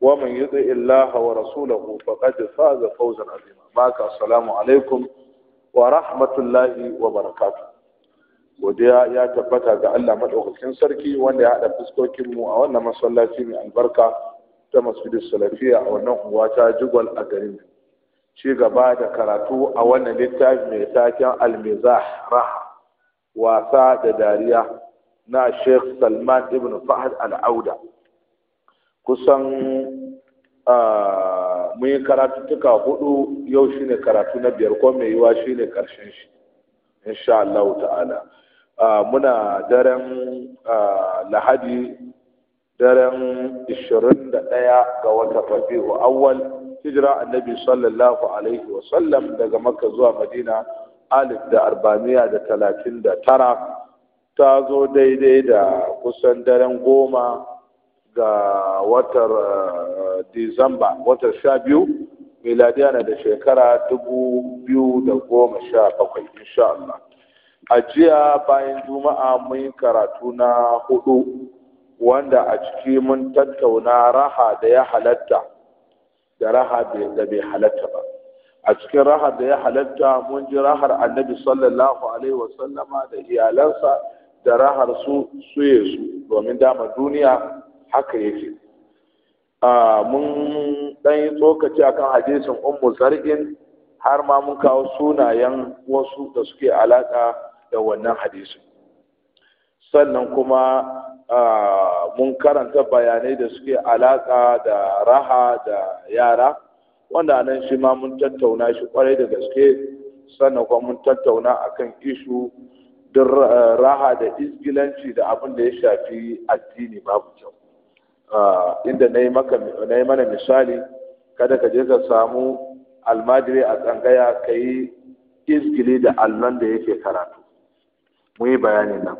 ومن يطع الله ورسوله فقد فاز فوزا عظيما باك السلام عليكم ورحمة الله وبركاته godiya ya tabbata ga Allah madaukakin sarki wanda ya haɗa fuskokin mu a wannan masallaci mai albarka ta masjidin salafiya a wannan unguwa ta jigwal a garin ci gaba da karatu a wannan littafi mai taken almizah wasa da dariya na Sheikh Salman ibn Fahad al-Auda kusan mun yi tuka hudu yau shine karatu na biyar ko mai yiwa shine karshen shi insha Allah ta'ala muna daren lahadi daren 21 ga watan rabi'u awwal hijira annabi sallallahu alaihi wa sallam daga makka zuwa madina alif da arbaniya da talatin da tara ta zo daidai da kusan daren goma ga watar eh, disamba watar sha biyu miladiya na da shekara dubu biyu da goma sha bakwai insha Allah a jiya bayan juma'a mun yi karatu na hudu wanda a ciki mun tattauna raha da ya halatta da raha da bai halatta ba a cikin rahar da ya halatta mun ji rahar annabi sallallahu alaihi wasallama da iyalansa da rahar su su domin dama duniya haka yake mun dan yi tsokaci akan hadisin ummu zargin har ma mun kawo sunayen wasu da suke alaka da wannan hadisin sannan kuma mun karanta bayanai da suke alaƙa da raha da yara wanda nan shi ma mun tattauna shi kwarai da gaske sannan kuma mun tattauna akan ishu raha da izgilanci da abin da ya shafi addini babu kyau inda na yi mana misali kada ka je ka samu almajiri a tsangaya ka yi izgili da allon da yake karatu mu yi bayanin nan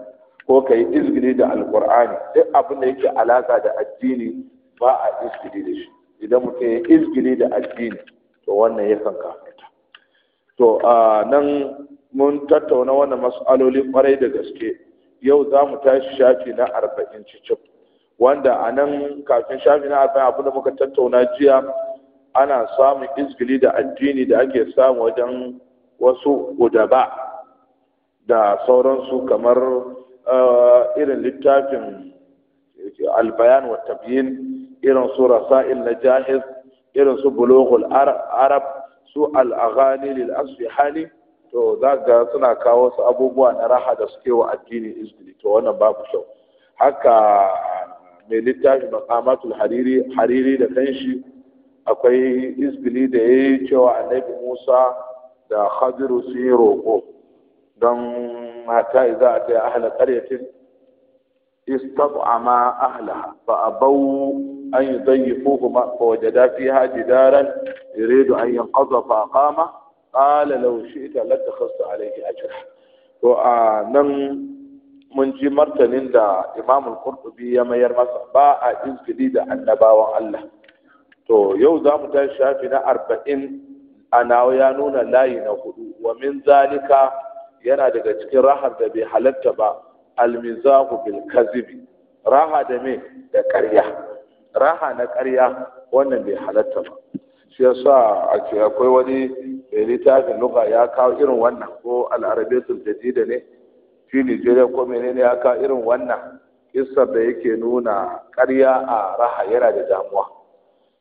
ko ka yi izgili da alkur'ani duk abin da yake alaka da addini ba a izgili da shi idan mutum ya izgili da addini to wannan yakan kafinta. to a nan mun tattauna wannan mas'aloli kwarai da gaske yau za mu tashi shafi na arba'in cicin wanda a nan kafin shafi na arba'in abinda muka tattauna jiya ana samun izgili da addini da ake samu wajen wasu gudaba da sauransu kamar eh, irin littafin albayan wa irin su rasa'il na jahiz irin su bulogul arab su al'aghani lil to za ga suna kawo su abubuwa na raha da suke wa addini izgili to wannan babu kyau haka mai littafin makamatul hariri hariri da kanshi akwai isbili da ya yi cewa annabi musa da khadiru su yi roƙo don mata za a taya ahla ƙaryatin ahala ahla a bau an yi dayyifuhuma fa wajada fiha jidaran yuridu an yi yanqadha fa aqama qala law shi'ta latakhasta alayhi ajra to a nan mun ji martanin da imamul qurtubi ya mayar masa ba a izgidi da annabawan Allah to yau za mu tashi shafi na arba'in a nawa ya nuna layi na hudu wa min zalika yana daga cikin rahar da bai halatta ba almizahu bil kazibi raha da me da ƙarya raha na ƙarya wannan bai halatta ba shi yasa akwai wani mai littafin luga ya kawo irin wannan ko al'arabiyatul jadida ne fi Nigeria ko menene haka irin wannan kissar da yake nuna ƙarya a raha yana da damuwa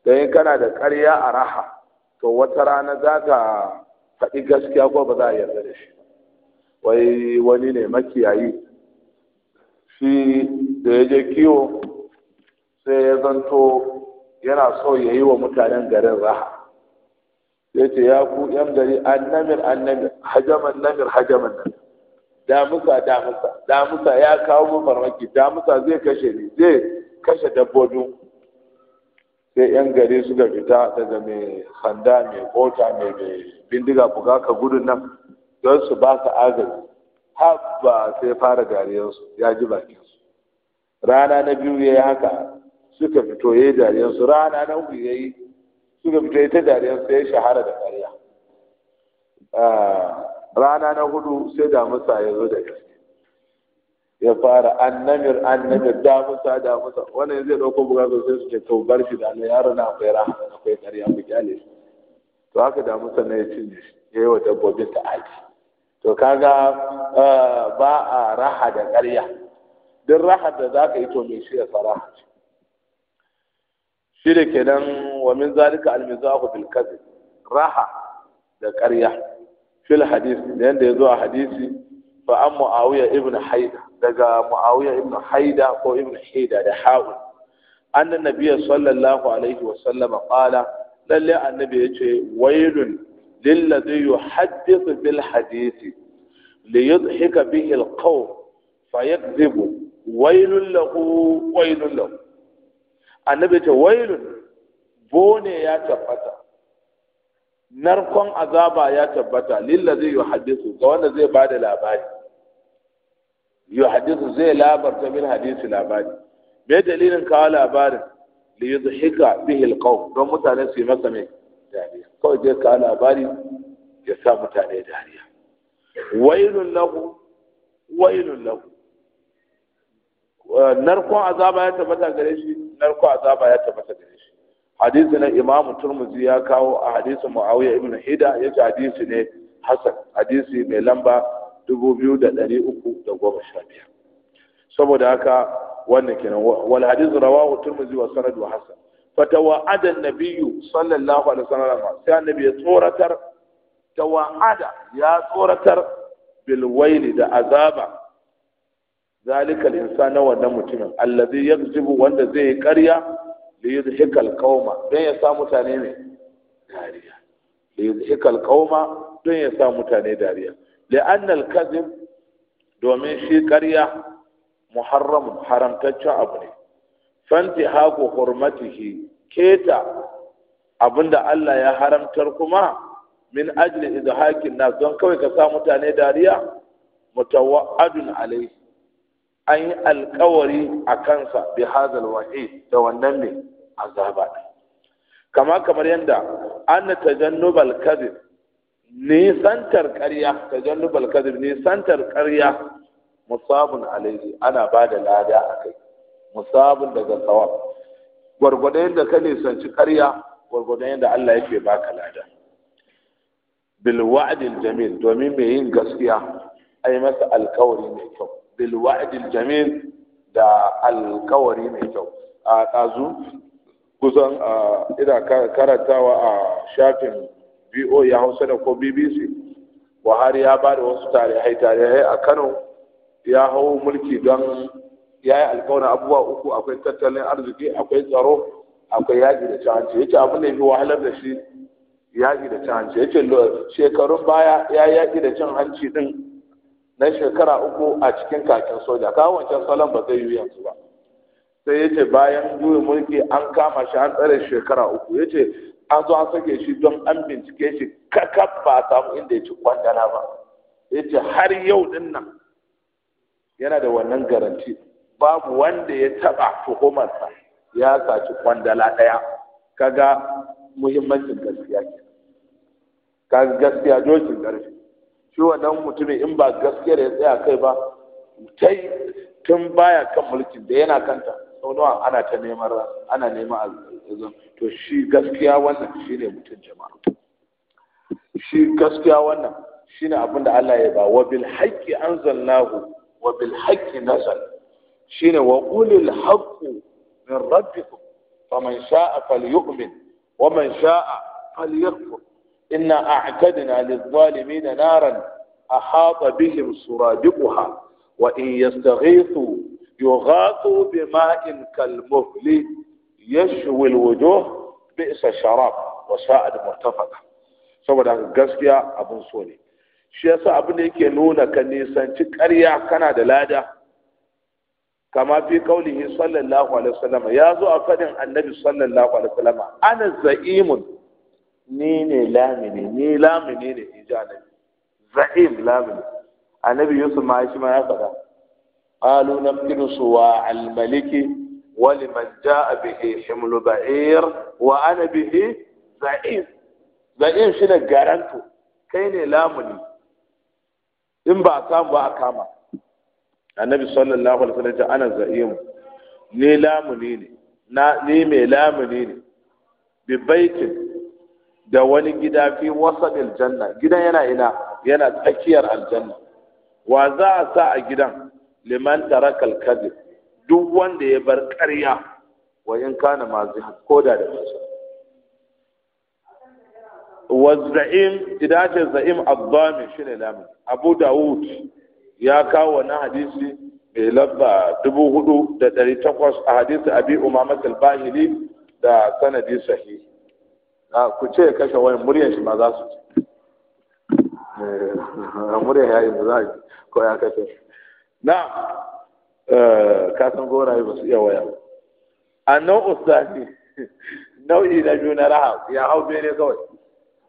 don in kana da ƙarya a raha to wata rana za ka faɗi gaskiya ko ba za a yarda da shi wai wani ne makiyayi shi da ya je kiwo sai ya zanto yana so ya yi wa mutanen garin raha ya ce ya ku yan gari an namir an namir hajaman namir hajaman namir damusa damusa damusa ya kawo mu farmaki damusa zai kashe ni zai kashe dabbobin sai yan gari suka fita daga mai sanda mai kota mai bindiga buga ka gudun nan don su ba su agaji Haba sai fara dariyarsu ya ji bakinsu rana na biyu ya yi haka suka fito ya yi dariyarsu rana na uku ya yi suka fito ya ta dariyarsu ya shahara da ƙarya ah, rana na hudu sai musa ya zo da gaske ya fara annamir annamir da musa wannan zai dauko buga zo sai su ce to bar shi da Allah yaro na akwai rahama akwai ƙarya mu kyale shi to haka musa ne ya cinye shi yayi wa dabbobin ta aji to kaga eh, ba a raha da ƙarya duk raha da zaka yi to me shi ya fara shi da kenan wa min zalika al-mizahu bil kadhib raha da ƙarya fil hadis da yanda zo a hadisi fa an muawiya ibn haida daga muawiya ibn haida ko ibn haida da ha'u annan nabiyyi sallallahu alaihi wa sallama qala lalle annabi ce wailun lil ladhi yuhaddithu bil hadisi li yudhika bihi al qawm fayakdhibu wailun lahu wailun lahu annabi ya ce wailun bone ya tabbata narkon azaba ya tabbata lillazi yuhaddithu ga wanda zai bada labari yuhaddithu zai labarta bil hadisi labari me dalilin kawo labarin li yudhika bihi alqaw don mutane su yi masa mai dariya kawai zai kawo labari ya sa mutane dariya wailun lahu wailun lahu narkon azaba ya tabbata gare shi narkon azaba ya tabbata gare shi hadisi na imamu turmuzi ya kawo a hadisi muawiya ibn hida ya ce hadisi ne hasan hadisi mai lamba dubu biyu da uku da goma sha biyar saboda haka wannan kenan wal hadisi rawahu turmuzi wa sanadu wa hasan fatawa'ada nabiyyu sallallahu alaihi wasallam sai annabi ya tsoratar tawa'ada ya tsoratar bil waili da azaba zalika al insana wannan mutumin allazi yakzibu wanda zai karya liyar hikal kauma don ya sa mutane ne dariya liyar hikal kauma don ya sa mutane dariya li'annal kazin domin shi karya muharram haramtaccen abu ne fanti haku hurmatihi keta abinda Allah ya haramtar kuma min ajli idhaki na don kawai ka sa mutane dariya mutawaddun alai an yi alkawari akansa bi hadal wahid da wannan ne azaba kama kamar yadda an tajannubal kadhib nisantar ƙarya tajannubal kadhib nisantar ƙarya musabun alayhi ana ba da lada a kai musabun daga tsawon gwargwadon yadda ka nisanci ƙarya gwargwadon yadda Allah yake baka lada bil wa'dil jamil domin mai yin gaskiya ai masa alkawari mai kyau bil wa'dil jamil da alkawari mai kyau a ɗazu kusan a ina karantawa a shafin BO ya Hausa da ko BBC Buhari ya ba da wasu tarihai tarihai a Kano ya hau mulki don ya yi alkawarin abubuwa uku akwai tattalin arziki akwai tsaro akwai yaƙi da canci ce abin da ya fi wahalar da shi yaƙi da canci Ya ce shekarun baya ya yaƙi da cin hanci din na shekara uku a cikin kakin soja kawo wancan salon ba zai yi yanzu ba sai ya ce bayan juyin mulki an kama shi an tsare shekara uku ya ce an zo an sake shi don an bincike shi kakaf ba a samu inda ya ci kwandana ba ya ce har yau din nan yana da wannan garanti babu wanda ya taba tuhumarsa ya saci kwandala ɗaya kaga muhimmancin gaskiya ka kaga gaskiya dokin ƙarfi shi wannan mutumin in ba gaskiyar ya tsaya kai ba tai tun baya kan mulkin da yana kanta sau ana ta neman ana neman azan to shi gaskiya wannan shine mutum jama'a shi gaskiya wannan shine abin da Allah ya ba wa bil haqqi anzalnahu wa bil haqqi nazal shine wa qulil haqqu min rabbikum faman sha'a falyu'min wa man sha'a falyakfur inna a'tadna lidh-dhalimin naran ahata bihim suradiquha wa in yastaghithu yughathu bima'in kalmuhli yashwi alwujuh bi'sa sharab wa sa'ad murtafaqa saboda gaskiya abin so ne shi yasa abin da yake nuna ka nisanci ƙarya kana da lada kama fi kaulihi sallallahu alaihi wasallam ya zo a fadin annabi sallallahu alaihi wasallam ana za'imun ni ne lamini ni lamini ne in ji annabi za'im lamini annabi yusuf ma shi ma ya faɗa قالوا نفقد صواع الملك ولمن جاء به حمل بعير وأنا به زعيم زعيم شنو جارنتو كيني لامني in ba a samu ba a kama annabi sallallahu alaihi wasallam ya ana za'im ne lamuni ne na mai lamuni ne bi da wani gida fi wasadil gidan yana ina yana tsakiyar aljanna wa za a sa a gidan liman tarakal kadhib duk wanda ya bar ƙarya wa kana mazi koda da masu wa za'im idan ce za'im abdami shine lamin abu dawud ya kawo wani hadisi mai labba dubu hudu da ɗari takwas a hadisi abi umama al-bahili da sanadi sahi a ku ce kashe wayan muryan shi ma za su ci eh, muryar ya yi za ko ya kashe na eh, kasan goraye ba su iya waya a nau'u sani nau'i na biyu na raha ya hau bene kawai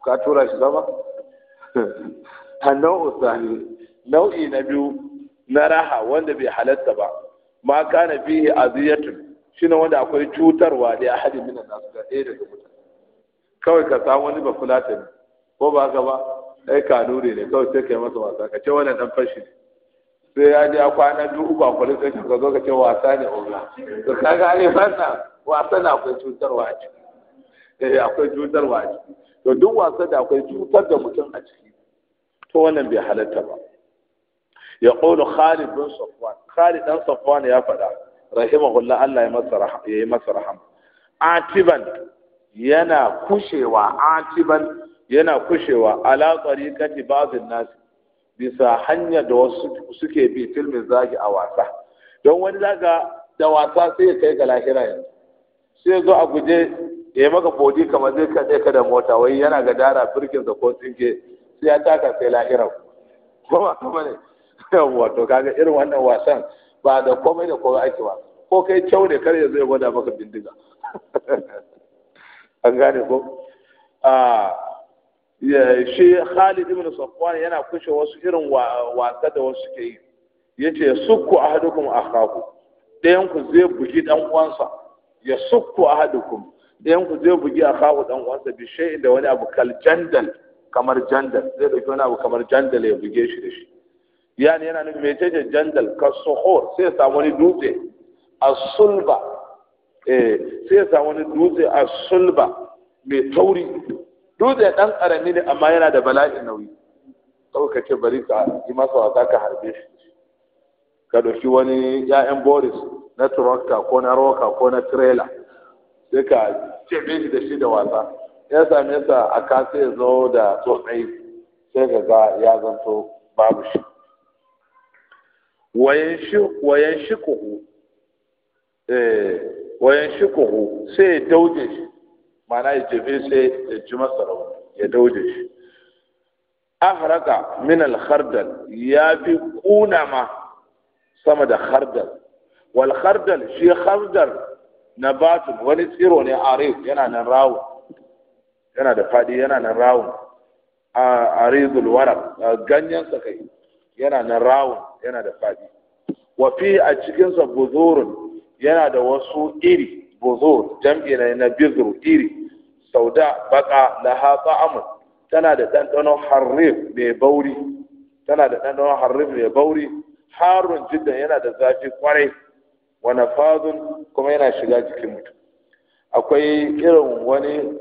ka tura shi zama a nau'u sani nau'i na biyu na raha wanda bai halatta ba ma kana ziyartar, shi na wanda akwai cutarwa da ahadin minan nasu da ɗaya daga mutane kawai ka samu wani ba fulatani ko ba ka ba ai nure ne kawai sai ka yi masa wasa ka ce wannan dan fashi ne sai ya je kwana biyu uku a kwalin sai ka zo ka ce wasa ne oga to ka gane wannan wasa na akwai cutarwa a ciki eh akwai cutarwa a ciki to duk wasa da akwai cutar da mutum a ciki to wannan bai halatta ba ya qulu Khalid bin Safwan Khalid dan Safwan ya faɗa rahimahullah Allah ya masa rahama yayi masa rahama atiban yana kushewa atiban yana kushewa ala tariqati ba'dhin nasi bisa hanyar da wasu suke bi filmin zagi a wasa don wani daga da wasa sai ya kai ga lahira yanzu sai zo a guje ya yi maka bodi kamar zai kaɗe ka da mota wai yana ga dara birkin da ko tsinke sai ya taka sai lahira kuma kuma ne wato kaga irin wannan wasan ba da komai da komai ake ba ko kai kyau ne kar ya zai gwada maka bindiga an gane ko ah, shi Khalid ibn Safwan yana kushe wasu irin wasa da wasu ke yi yace sukku ahadukum akhaku dayan ku zai bugi dan uwansa ya sukku ahadukum dayan ku zai bugi akhahu dan uwansa bi shay'in da wani abu kal jandal kamar jandal zai dauki wani abu kamar jandal ya buge shi da shi yani yana nufin mecece jandal ka suhur sai ya samu wani dutse a sulba eh sai ya samu wani dutse a sulba mai tauri dutse dan karami ne amma yana da bala'in nauyi kawai ka ce bari ka yi masa wasa ka harbe shi ka dauki wani ya'yan boris na turokta ko na roka ko na tirela sai ka cebe shi da shi da wasa ya same sa a kasa ya zo da tsotsai sai ka ga ya zanto babu shi wayan shikuhu eh, sai ya dauje shi mana ya jefe sai ya ji masa rauni ya dauje shi haraka min alhardal ya fi kuna ma sama da hardal wal shi shi na batun, wani tsiro ne a yana nan rawun yana da fadi yana nan rawun arizul warar. ganyen sakai kai yana nan rawun yana da fadi Wafi a cikinsa sa yana da wasu iri buzur jam'i ne na bizru iri sauda baka laha ta'amun tana da ɗanɗano harif mai bauri tana da dandano harif mai bauri harun jidda yana da zafi kwarai wa nafadun kuma yana shiga jikin mutum akwai irin wani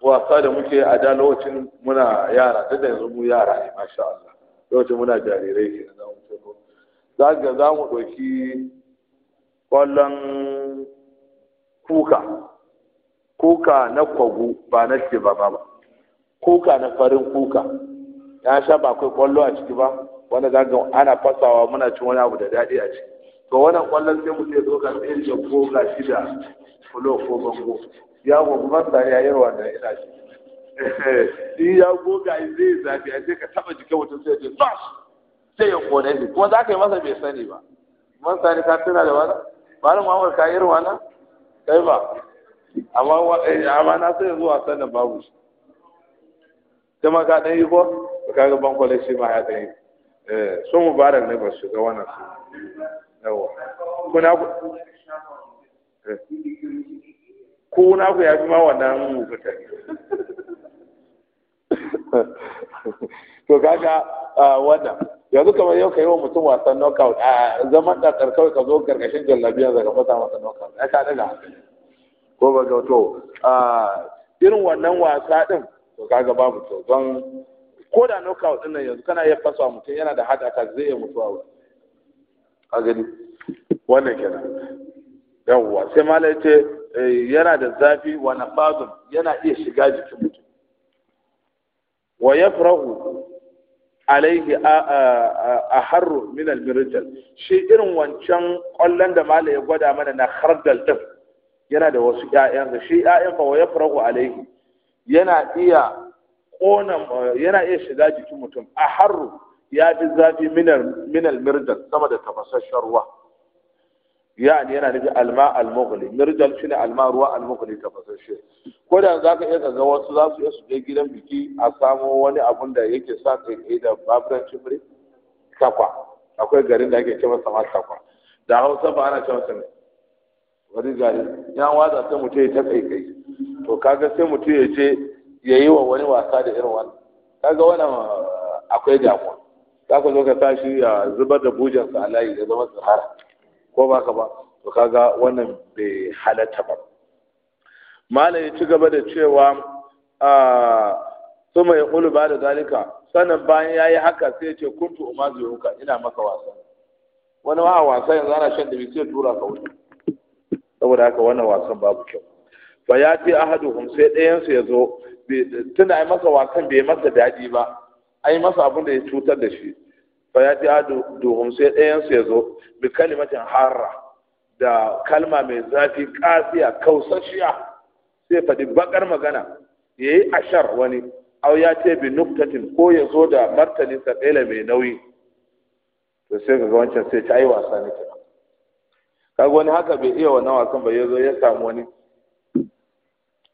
wasa da muke a da lokacin muna yara da yanzu mu yara ne masha Allah lokacin muna jarirai ke za ga za mu ɗauki ƙwallon kuka kuka na kwagu ba na tibaba ba ba. kuka na farin kuka ya sha ba kai kwallo a ciki ba wanda za ga ana fasawa muna cin wani abu da daɗi a ciki to wannan kwallon sai mu ya zo ka tsaye da goga shi da fulo ko bango ya ba ta ya yi da ina shi shi ya ga zai zafi a sai ka taba jikin mutum sai ya ce sai ya kone shi kuma za ka yi masa bai sani ba man sani ka tuna da wani malam Muhammad ka ruwa na. kai ba amma na sai zuwa sanin babu si. sai ka dan yi ko ka ga ban kwale shi ma ya dan yi eh so mubarak ne ba su ga wannan su yawa kuna ku ko na ku ya fi ma wannan mutunta to kaga wannan yanzu kamar yau ka yi wa mutum wasan knockout a zaman da karkar ka zo karkashin jallabiya daga fata masa knockout ya kaɗa da ko ba ga to irin wannan wasa din to kaga babu to don ko da knockout din nan yanzu kana iya fasa mutum yana da hada ka zai iya a wa a gani wannan kenan yawwa sai malai ce eh, yana da zafi wa nafazun yana iya shiga jikin mutum wa yafrahu alaihi a harru min almirjal shi irin wancan kwallon da mala ya gwada mana na hardal din yana da wasu ƴaƴansa shi ƴaƴan fa ya farahu alaihi yana iya kona yana iya shiga jikin mutum a harru ya fi zafi min almirjal sama da tafasasshen ruwa yani yana da alma almughli mirjal shine alma ruwa almughli shi ko da za ka iya ga wasu za su iya su je gidan biki a samo wani abun da yake sa kai kai da baburan cimri takwa akwai garin da ake cewa sama takwa da hausa ba ana cewa sama wani gari ya waza sai mutum ya ta kai kai to kaga sai mutum ya je ya yi wa wani wasa da irin wannan kaga wannan akwai damuwa za ka zo ka tashi ya zubar da bujansa a layi ya zama tsara ko ba ka ba to kaga wannan bai halatta ba malai ya ci gaba da cewa su ya ƙulu ba da zalika sannan bayan ya yi haka sai ya ce kuntu umazu yunka ina maka wasa wani ma a wasa yanzu ana shan dabi sai tura ka wuce saboda haka wannan wasan babu kyau fa ya fi ahadu ahaduhum sai ɗayansu ya zo tunda ai masa wasan bai masa daɗi ba ai masa abin da ya cutar da shi fa ya ji sai ɗayan su ya zo bi kalimatin harra da kalma mai zafi kasiya kausashiya sai fadi bakar magana ya yi ashar wani au ya ce bi nuktatin ko ya zo da martani saƙaila mai nauyi to sai ga wancan sai ta yi wasa ne kenan kaga wani haka bai iya wannan wasan ba ya zo ya samu wani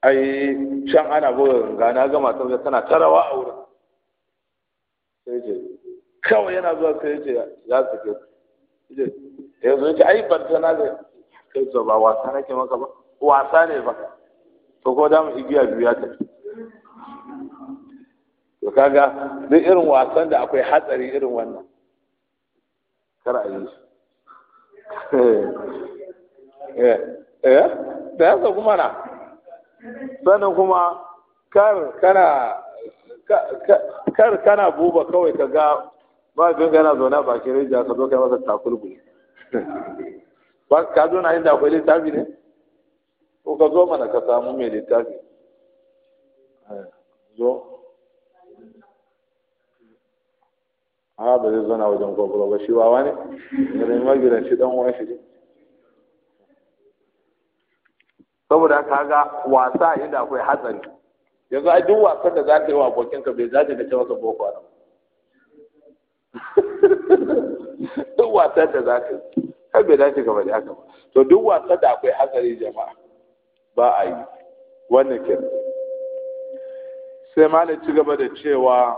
ai can ana buga gana ga matan tana tarawa a wurin sai ce kawai yana zuwa sai yace ya sake ya zo ce ai ban tana da kai to ba wasa nake maka ba wasa ne ba to ko da mu igiya biyu ya tafi to kaga duk irin wasan da akwai hatsari irin wannan kar a yi shi eh, eh da yasa kuma na sannan kuma kar kana kar kana buba kawai ka ga mahaifinka yana zaune baki bakin aka ka zo kai masa takurbuli ba ka zo na inda akwai littafi ne ko ka zo mana ka samu mai littafi zo a ba zai zana wajen kwakwalwa ba shi wawa ne ganin magidan shi dan uwan shi ne saboda ka ga wasa inda akwai hatsari yanzu a duk wasan da za ka yi wa ka bai zaje ka ce ka boko haram duk wasan da za ka yi har bai dace gaba da haka ba to duk wasan da akwai hatsari jama'a ba a yi wannan ke sai malam ci gaba da cewa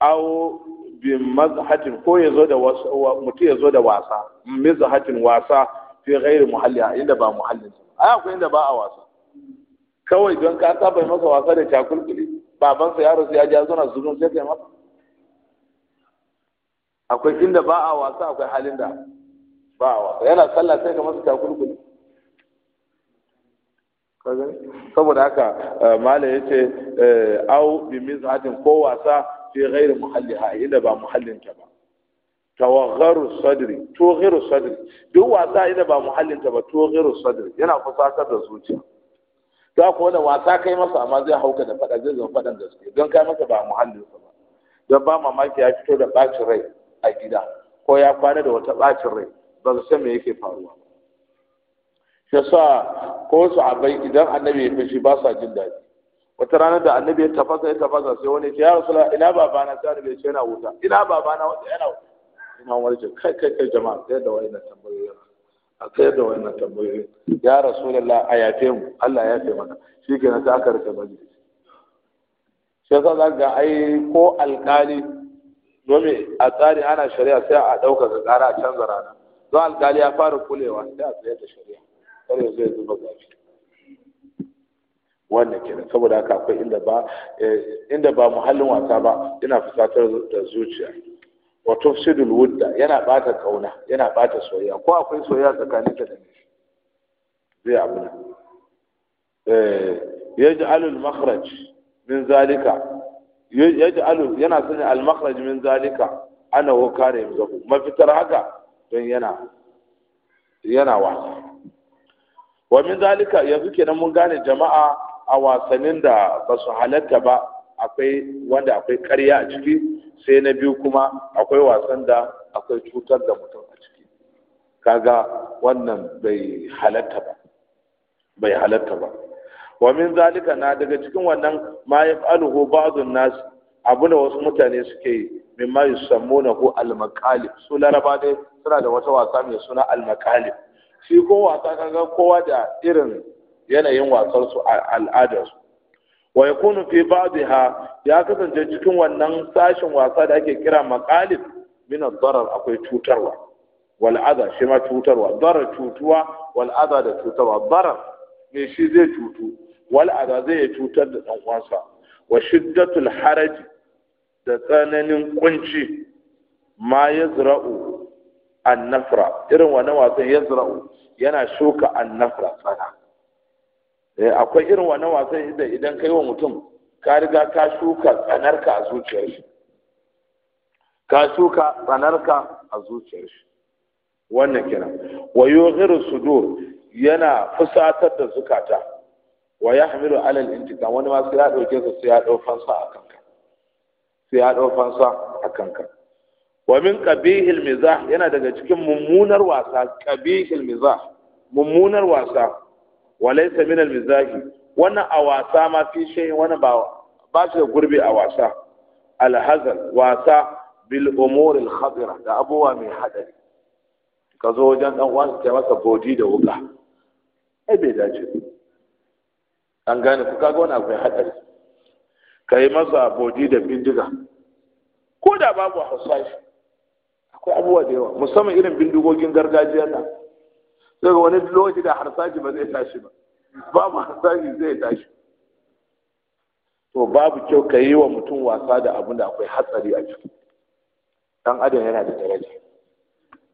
au bi mazhatin ko ya zo da wasa, mutum ya zo da wasa mazhatin wasa fi ghairi muhalli inda ba muhallin ai akwai inda ba a wasa kawai don ka saba masa wasa da cakulkuli babansa yaro sai ya ja zuna zurun sai kai masa akwai inda ba a wasa akwai halin da ba a wasa yana sallah sai ka masa takurkuli saboda haka eh, malam ya ce eh, au bi mizhatin ko wasa fi ghairi ha inda ba muhallin ta ba tawagharu sadri tughiru sadri duk wasa inda ba muhallin ta ba tughiru sadri yana fusatar da zuciya za akwai wanda wasa kai masa amma zai hauka da faɗa zai zama faɗan gaske don kai masa ba muhallin sa ba don ba mamaki ya fito da ɓacin rai a gida ko ya kwana da wata bacin rai ba su san me yake faruwa shi yasa ko su abai idan annabi ya fashi ba sa jin daɗi wata ranar da annabi ya tafasa ya tafasa sai wani ce ya rasula ina babana sai annabi ya ce yana wuta ina babana wanda yana wuta ina wani kai kai kai jama'a sai da wani na tambayoyi. a kai da wani na tambayoyi ya rasulullah a yafe mu Allah ya yafe mana kenan sai aka rike majalisi shi yasa za ga ai ko alƙali. domin a tsari ana shari'a sai a ɗauka ga ƙara a canza rana don alƙali ya fara kulewa sai a tsaye da shari'a kar ya zuba zafi wannan kenan saboda haka akwai inda ba eh, inda ba muhallin wasa ba yana fusatar da zuciya wato sidul wudda yana bata kauna yana bata soyayya ko akwai soyayya tsakanin ka da ni? zai abu ne eh yaj'alul makhraj min zalika yaj'alu yana sanya al-makhraj min zalika ana wa kare yamzahu mafitar haka don yana yana wasa wa min zalika yanzu kenan mun gane jama'a a wasannin da basu su halatta ba akwai wanda akwai karya a ciki sai na biyu kuma akwai wasan da akwai cutar da mutum a ciki kaga wannan bai halatta ba bai halatta ba wa min zalika na daga cikin wannan ma yaf'aluhu ba'dun nas abu da wasu mutane suke yi min ma yusammuna ko al-maqalib su laraba dai suna da wata wasa mai suna al-maqalib shi ko wasa kaga kowa da irin yanayin wasar su al'adar su wa yakunu fi ba'dha ya kasance cikin wannan sashin wasa da ake kira maqalib min ad-darar akwai cutarwa wal adha shi ma cutarwa darar cutuwa wal adha da cutarwa darar me shi zai cutu wal zai ya cutar da dan uwansa wa shiddatul haraj da tsananin kunci ma yazra'u an-nafra irin wani wasan yazra'u yana shuka an-nafra tsana eh, akwai irin wani wasan da idan kai wa mutum ka riga ka shuka tsanarka a zuciyar shi ka shuka tsanarka a zuciyar shi wannan kenan wa yughiru sudur yana fusatar da zukata wa ya hamilu alal intikam wani ma sai ya ɗauke su sai ya ɗau fansa a kanka sai ya ɗau fansa a kanka wa min qabihil mizah yana daga cikin mummunar wasa qabihil mizah mummunar wasa wa laysa min al mizahi wannan a wasa ma fi shay wani ba ba shi da gurbi a wasa al hazal wasa bil umur al khadira da abuwa mai hadari ka zo wajen dan uwanka kai masa bodi da wuka ai bai dace an gane ku kaga wani akwai hadari ka yi masa bodi da bindiga ko da babu a hausashi akwai abubuwa da yawa musamman irin bindigogin gargajiyar nan daga wani lokaci da harsashi ba zai tashi ba babu harsashi zai tashi to babu kyau ka yi wa mutum wasa da abin da akwai hatsari a ciki dan adam yana da daraja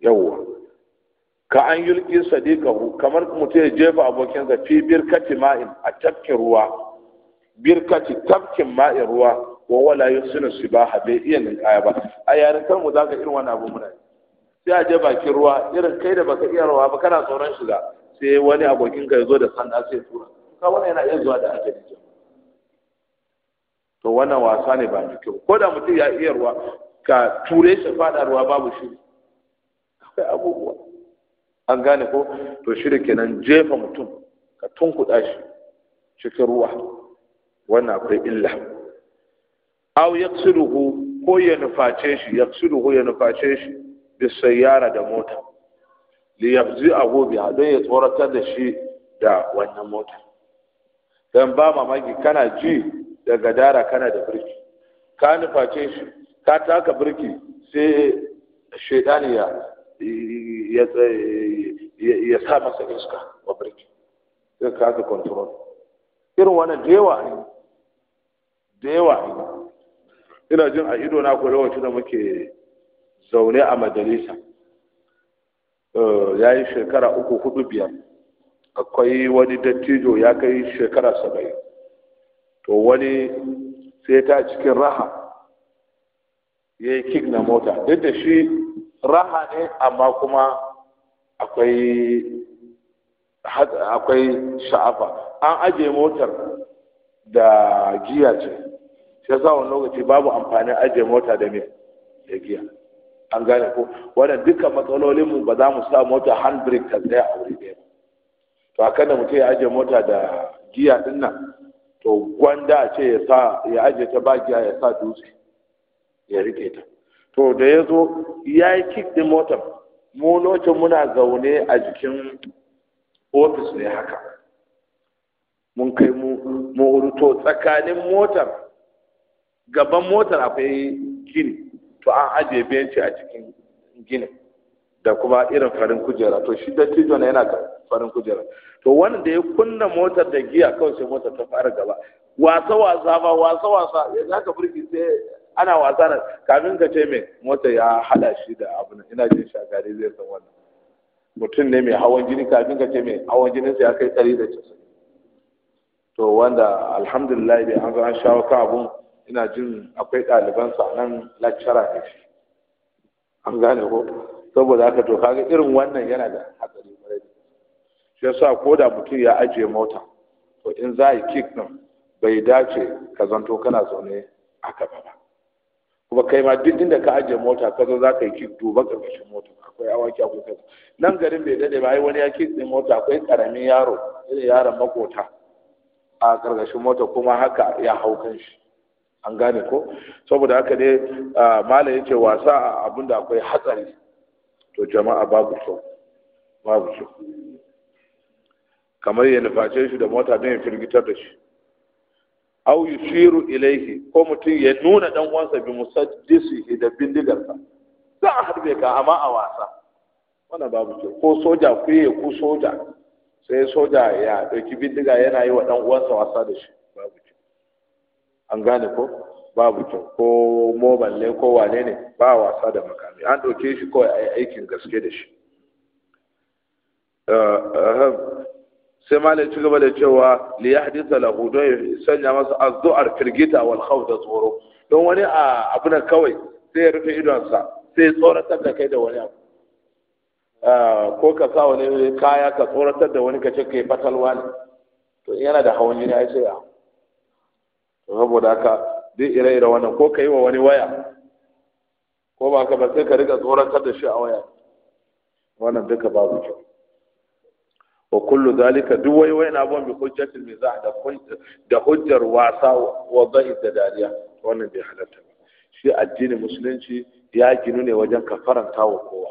yawwa ka an yulki sadiqahu kamar mutum ya jefa abokinsa fi birkati ma'in a tafkin ruwa birkati tafkin ma'in ruwa wa wala yusinu sibaha bai iya ninkaya ba a yarin kan mu zaka irin wani abu muna sai a je bakin ruwa irin kai da baka iya rawa ba kana tsoron shiga sai wani abokinka ya zo da sanda sai tura ka wani yana iya zuwa da ajali to wannan wasa ne ba mai kyau ko da mutum ya iya ruwa ka ture shi faɗa ruwa babu shi akwai abubuwa an gane ko to shi da kenan jefa mutum ka tunkuɗa shi cikin ruwa wannan akwai illa aw yaqsiduhu ko ya nuface shi yaqsiduhu ya nuface shi da sayyara da mota li yafzi'ahu a don ya tsoratar da shi da wannan mota dan ba mamaki kana ji da gadara kana da birki ka nuface shi ka taka birki sai shaidani ya ya sa masa iska wa birki sai ka ga control irin wannan da yawa ne da yawa ne ina jin a ido na ko lokacin da muke zaune a majalisa eh, ya yi shekara uku hudu biyar akwai wani dattijo ya kai shekara saba'in to wani sai ta cikin raha ya yi kik na mota duk da shi raha ne amma kuma akwai akwai sha'afa an aje motar da giya ce sai sa wani lokaci babu amfanin aje mota da me da giya an gane ko wannan duka matsalolinmu ba za mu sa mota handbrake ta tsaya a wuri ɗaya to akan da mutum ya aje mota da giya din nan to gwanda a ce ya sa ya aje ta ba giya ya sa dutse ya rike ta to da ya zo ya yi kik din motar mu lokacin muna zaune a jikin ofis ne haka mun kai mu to tsakanin motar gaban motar akwai gini to an ajiye benci a cikin gini da kuma irin farin kujera to shi da na yana farin kujera to wani da ya kunna motar da giya kawai sai motar ta fara gaba wasa wasa ba wasa wasa ya zaka burki sai ana wasa nan kafin ka ce mai mota ya hada shi da abu nan ina jin shagari zai san wannan mutum ne mai hawan jini kafin ka ce mai hawan jinin sa ya kai ɗari da casa'in to wanda alhamdulillah bai an zo an shawo kan abun ina jin akwai ɗalibansa nan lakcara ne shi an gane ko saboda haka to kaga irin wannan yana da hatsari kwarai shi yasa ko da mutum ya ajiye mota to in za a yi kick din bai dace ka zanto kana zaune a ba kuma kai ma duk inda ka ajiye mota ka zo za ka yi kik duba ƙarƙashin mota akwai awaki akwai kaza nan garin bai dade ba ai wani ya kik mota akwai ƙaramin yaro irin yaron makota a ƙarƙashin mota kuma haka ya hau kan shi an gane ko saboda haka ne malam wasa a abin da akwai hatsari to jama'a babu kyau babu kyau kamar ya nuface shi da mota don ya firgitar da shi au yushiru ilaihi ko mutum ya nuna dan uwansa bi musaddisihi da bindigarsa za a harbe ka amma a wasa wannan babu ce ko soja ku yi ku soja sai soja ya dauki bindiga yana yi wa dan uwansa wasa da shi babu ce an gane ko babu ce ko mobile ko wane ne ba wasa da makami an dauke shi ko aikin gaske da shi uh, uh, sai malai ci gaba da cewa li yahdisa lahu don ya sanya masa azdu'ar firgita wal khawf da tsoro don wani a abu na kawai sai ya rufe idonsa sai ya tsoratar da kai da wani abu ah, ko ka sa wani kaya ka tsoratar da wani ka ce kai fatalwa ne to yana da hawan jini ai sai ya saboda haka duk ire-ire wannan ko ka yi wa wani waya ko ba ka ba sai ka riga tsoratar da shi a waya wannan duka babu kyau wa kullu zalika duk wai wai na bon bi hujjatil mizah da da hujjar wasa wa dhahi da dariya wannan bai halatta shi addinin musulunci ya ginu ne wajen ka faranta wa kowa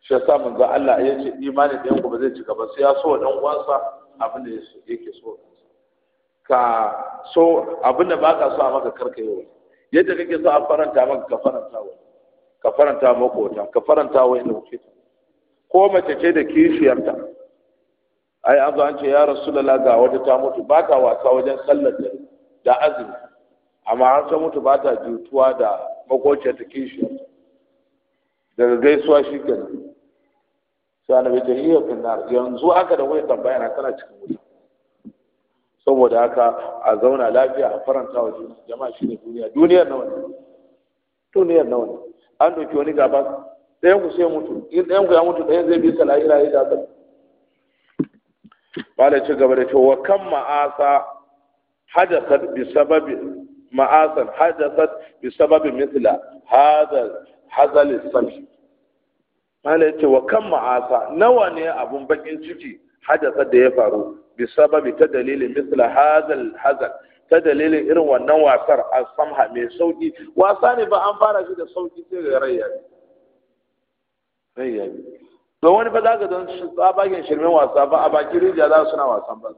shi yasa manzo Allah ya ce imani da yanku ba zai cika ba sai ya so dan uwansa abin da yake so ka so abin da baka so a maka karkai yadda kake so a faranta maka ka faranta wa ka faranta wata, ka faranta wa inda kuke ko mace ce da kishiyarta ai an zo an ce ya rasulullah ga wata ta mutu ba ta wasa wajen sallar da da azumi amma an san mutu ba ta jutuwa da makociyar ta kishi daga gaisuwa shi ke nan sai annabi ta hiya finnar yanzu haka da wani tambaya na tana cikin wuta saboda haka a zauna lafiya a faranta wa juna jama'a shi ne duniya duniyar nawa ne duniyar nawa ne an doki wani gaba ɗayan ku sai mutu in ɗayan ku ya mutu ɗayan zai bi sa lahira ya gaba bala ce gaba da cewa kan ma'asa hadasat bi sababi ma'asan hadasat bi sababi mithla hadal hazal sami bala ce wa kan ma'asa nawa ne abun bakin ciki hadasat da ya faru bi sababi ta dalilin mithla hadal hazal ta dalilin irin wannan wasar a samha mai sauki wasa ne ba an fara shi da sauki sai ga rayya don wani fa za don don tsabagen shirmen wasa ba a bakin rijiya za suna wasan ba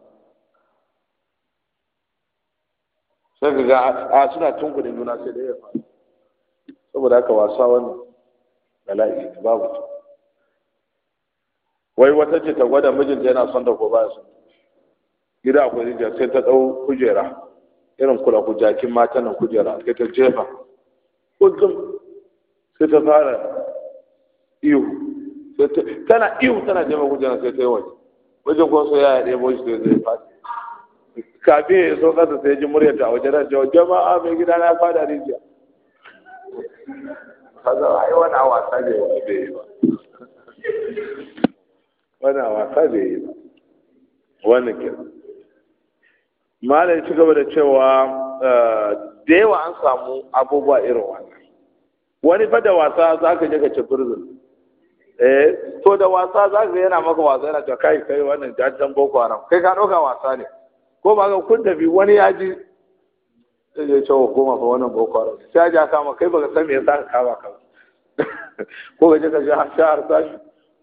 sai ga a suna tunkudin juna sai da ya faru saboda haka wasa wani bala'i babu wai wata ce ta gwada mijinta yana son da ko ba su gida akwai rija sai ta dau kujera irin kula ku jakin mata nan kujera sai ta jefa kullum sai ta fara iyo tana ihu tana je magun jana sai ta yi waje wajen kuma so ya yaɗe boshi sai zai fadi kafin ya so kasa sai ji murya a waje na cewa jama'a mai gida na fada rijiya kaza ai wani wasa bai wa bai yi ba wani wasa bai yi ba wani kira malam ci gaba da cewa eh, da yawa an samu abubuwa irin wannan wani fa da wasa za ka je ka ci birzin eh to da wasa za ka yana maka wasa yana ta kai kai wannan jajen boko haram kai ka ɗauka wasa ne ko ba ga kun tafi wani ya ji ya ce cewa oh, goma fa wannan boko haram sai ya ja ma kai baka san me yasa ka kama ka ko ka je ka sha harsashi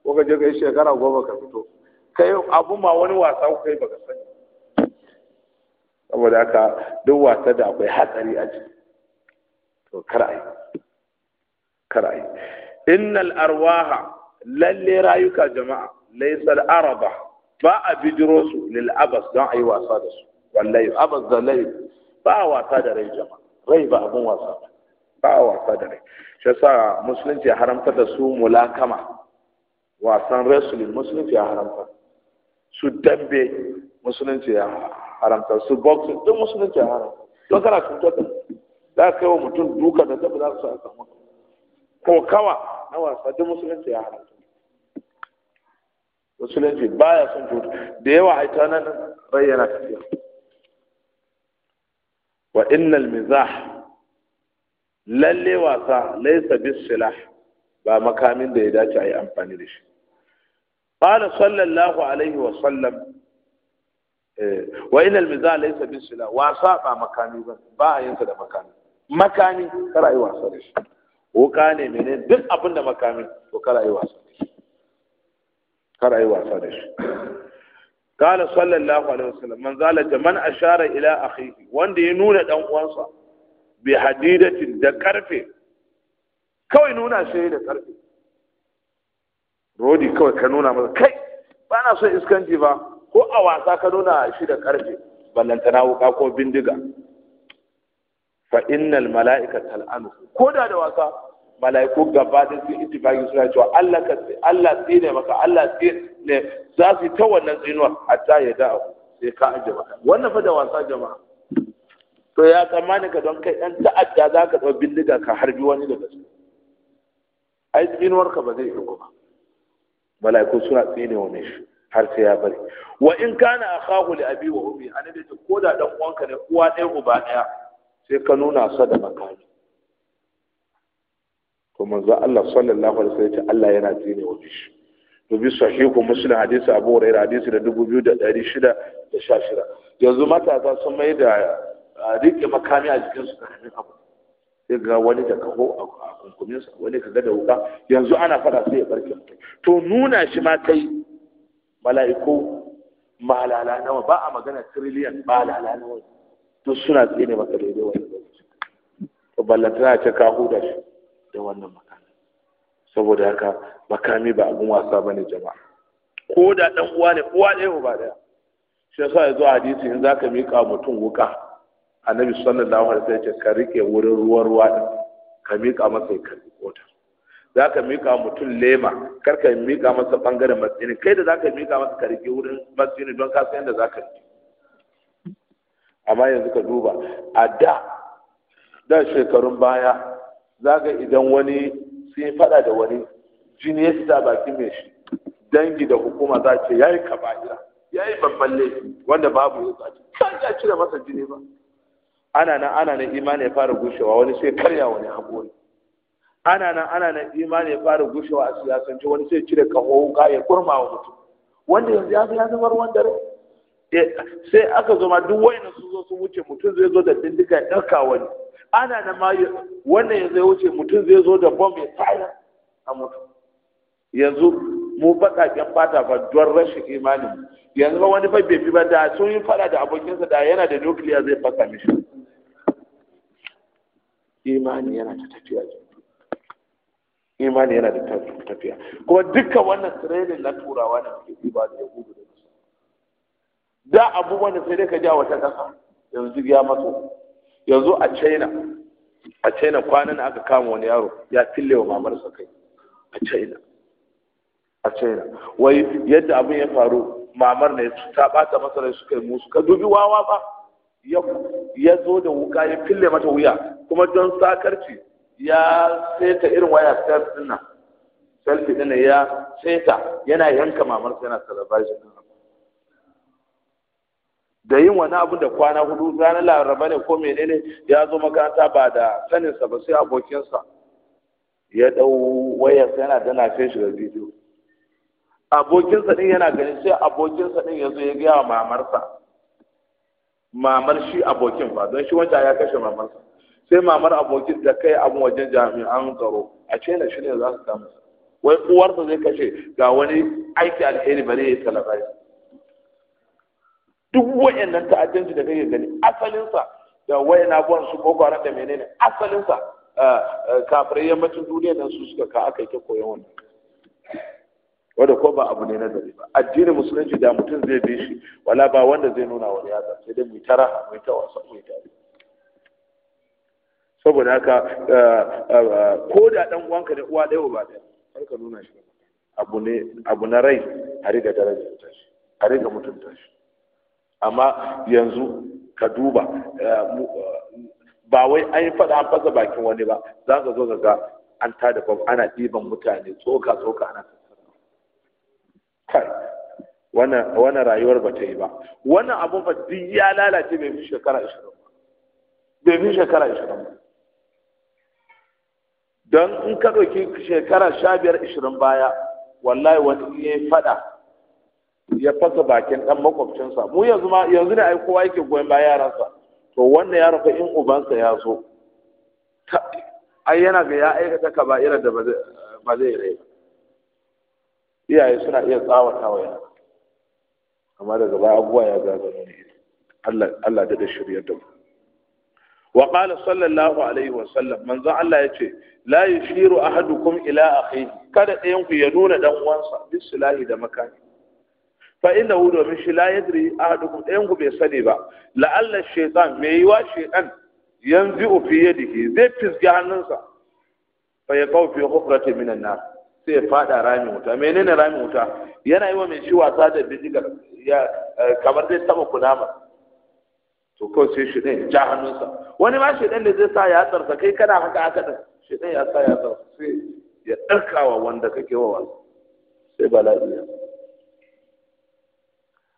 ko ka je ka yi shekara goma ka fito kai abun ma wani wasa ku kai baka sani saboda haka duk wasa da akwai hatsari a ciki to kar a yi kar a yi innal arwaha lalle rayuka jama'a laysal araba ba a bijiro su lil abas don a yi wasa da su wallahi abas da lai ba a wasa da rai jama'a rai ba abun wasa ba a wasa da rai shi yasa musulunci ya haramta da su mulakama wasan wrestling musulunci ya haramta su dambe musulunci ya haramta su boxing duk musulunci ya haramta don kana cutar da za ka kai wa mutum duka da dabba za su samu ko kawa na wasa duk musulunci ya haramta musulunci baya son cuta da yawa a ita nan rai yana tafiya wa innal mizah lalle wasa laysa bis silah ba makamin da ya dace a yi amfani da shi قال صلى الله عليه وسلم وإن المزاح ليس بالسلاح ba مكاني da با ينسى مكاني مكاني ترى da shi. wuka ne mene duk abin da makami to kara yi wasa da shi kala sallallahu alaihi wasallam man zalaja man ashara ila haifi wanda ya nuna dan uwansa bi hadidatin da karfe kawai nuna shi da karfe rodi kawai ka nuna masa kai ba na so iskanci ba ko a wasa ka nuna shi da karfe ballantana wuka ko bindiga fa innal mala'ika tal'anu ko da da wasa mala'iku gaba da su ittifaqi suna cewa Allah ka Allah ne maka Allah ne za su ta wannan a hatta ya da sai ka aje maka wannan fa da wasa jama'a to ya tsammani ka don kai dan ta'adda za ka ɗau bindiga ka harbi wani daga su ai tsinuwar ka ba zai yi ba mala'iku suna tsine wa shi har sai ya bari wa in kana akhahu li abi wa ummi anabi ko da dan uwanka ne uwa ɗaya uba ɗaya sai ka nuna sa da makami to manzo Allah sallallahu alaihi wasallam ya ce Allah yana tsine wa bishi to bi sahihu muslim hadisi abu hurairah hadisi da 2616 yanzu matasa sun mai da rike makami a jikin su kan abu sai ga wani da kaho a kunkumin sa wani ga da wuka yanzu ana fada sai ya barke to nuna shi ma kai mala'iku malala nawa ba a magana trillion malala nawa to suna tsine maka da ballanta na ce ka huda shi da wannan makami saboda haka makami ba abin wasa ba ne jama'a ko da ɗan uwa ne uwa ɗaya ba ɗaya shi yasa ya zo hadisi in za ka miƙa mutum wuƙa annabi sallallahu alaihi wasallam ya ce ka rike wurin ruwa ruwa ɗin ka miƙa masa ya karɓi kota za ka miƙa mutum lema kar ka miƙa masa ɓangaren matsini kai da za ka miƙa masa ka rike wurin matsini don ka san yadda za ka rike amma yanzu ka duba a da da shekarun baya zaga idan wani sun yi fada da wani jini ya sita baki mai shi dangi da hukuma za ce yi kaba'ira yi babban laifi wanda babu ya zaci kan ya cire masa jini ba ana nan ana nan imani ya fara gushewa wani sai karya wani haƙori ana nan ana nan imani ya fara gushewa a siyasance wani sai cire kaho wuka ya kurma wa mutum wanda yanzu ya zama ruwan dare Eh, sai aka zama duk wayan sun zo sun wuce mutum zai zo da bindiga ya ɗauka wani ana da ma wannan ya zai wuce mutum zai zo da bom ya tsaya a mutu yanzu mu baƙaƙen fata ba don rashin imani yanzu ba wani bai bi ba da sun yi fara da abokinsa da yana da nukiliya zai fasa mishi imani yana ta tafiya imani yana da tafiya kuma duka wannan training na turawa ne suke ba da yahudu da da abubuwan da sai dai ka ja wata ƙasa yanzu ya mato. yanzu a china a china kwanan aka kama wani yaro ya fille wa mamarsa kai a china a china wai yadda abin ya faru mamar ne ta bata masa rai suka yi musu ka dubi wawa ba ya zo da wuka ya fille mata wuya kuma don sakarci ya seta irin waya self dinna selfie dinna ya seta yana yanka mamarsa yana celebration da yin wani abu da kwana hudu ranar laraba ne ko menene ya zo makaranta ba da saninsa ba sai abokinsa ya dau wayarsa yana dana fe shi da bidiyo abokinsa din yana ganin sai abokinsa din ya zo ya gaya wa mamarsa mamar shi abokin ba, don shi wancan ya kashe mamarsa sai mamar abokin da kai abun wajen jami'an tsaro a ce na shi ne za su kama wai uwarsa zai kashe ga wani aiki alheri bare ya yi talabai duk wayannan ta'addanci da kake gani asalinsa da wayan abuwan su boko haram da menene asalinsa eh, eh, kafirai yammacin duniya nan su suka ka aka yi koyon wannan wanda ko ba abu ne na dare ba addinin musulunci da mutum zai bi shi wala ba wanda zai nuna wani yatsa sai dai mu tara mu ta wasa mu ta saboda haka eh, ko da dan uwanka da uwa ɗaya ba ɗaya har ka nuna shi abu ne abu na rai a riga daraja ta shi a riga mutunta shi amma yanzu ka duba eh, ba wai an yi faɗa an fasa bakin wani ba za ka zo ka ga an tada bam ana ɗiban mutane tsoka tsoka ana kai wannan rayuwar ba ta yi ba wannan abun ba duk ya lalace bai fi shekara ashirin ba bai fi shekara ashirin ba don in ka ɗauki shekara sha biyar ashirin baya wallahi wani iya faɗa ya fasa bakin dan makwabcinsa mu yanzu ma yanzu ne ai kowa yake goyon ba yaransa to wannan ya rufe in ubansa ya zo ai yana ga ya aikata ka ba irin da ba zai rai ba iyaye suna iya tsawata wa yara amma daga baya abubuwa ya gagaro ne Allah Allah da shiryar da mu wa qala sallallahu alaihi wa sallam manzo Allah yace la yushiru ahadukum ila akhihi kada ɗayan ku ya nuna dan uwansa bisilahi da makani fa inna hu domin shi la yadri ahadukum ɗayan ku bai sani ba la'alla shaytan me yiwa shaytan yanzu fi yadihi zai fisge hannunsa fa ya kawo fi hufratin minan nar sai ya fada rami wuta menene rami wuta yana yi wa mai shi wasa da bidigar ya eh, kamar zai taba kunama to kawai sai shi ɗin ja hannunsa wani ma shi ɗin da zai sa ya tsarsa kai kana haka haka ɗin shi ɗin ya sa ya tsarsa sai ya ɗarkawa wanda kake wa wasa sai bala'i ya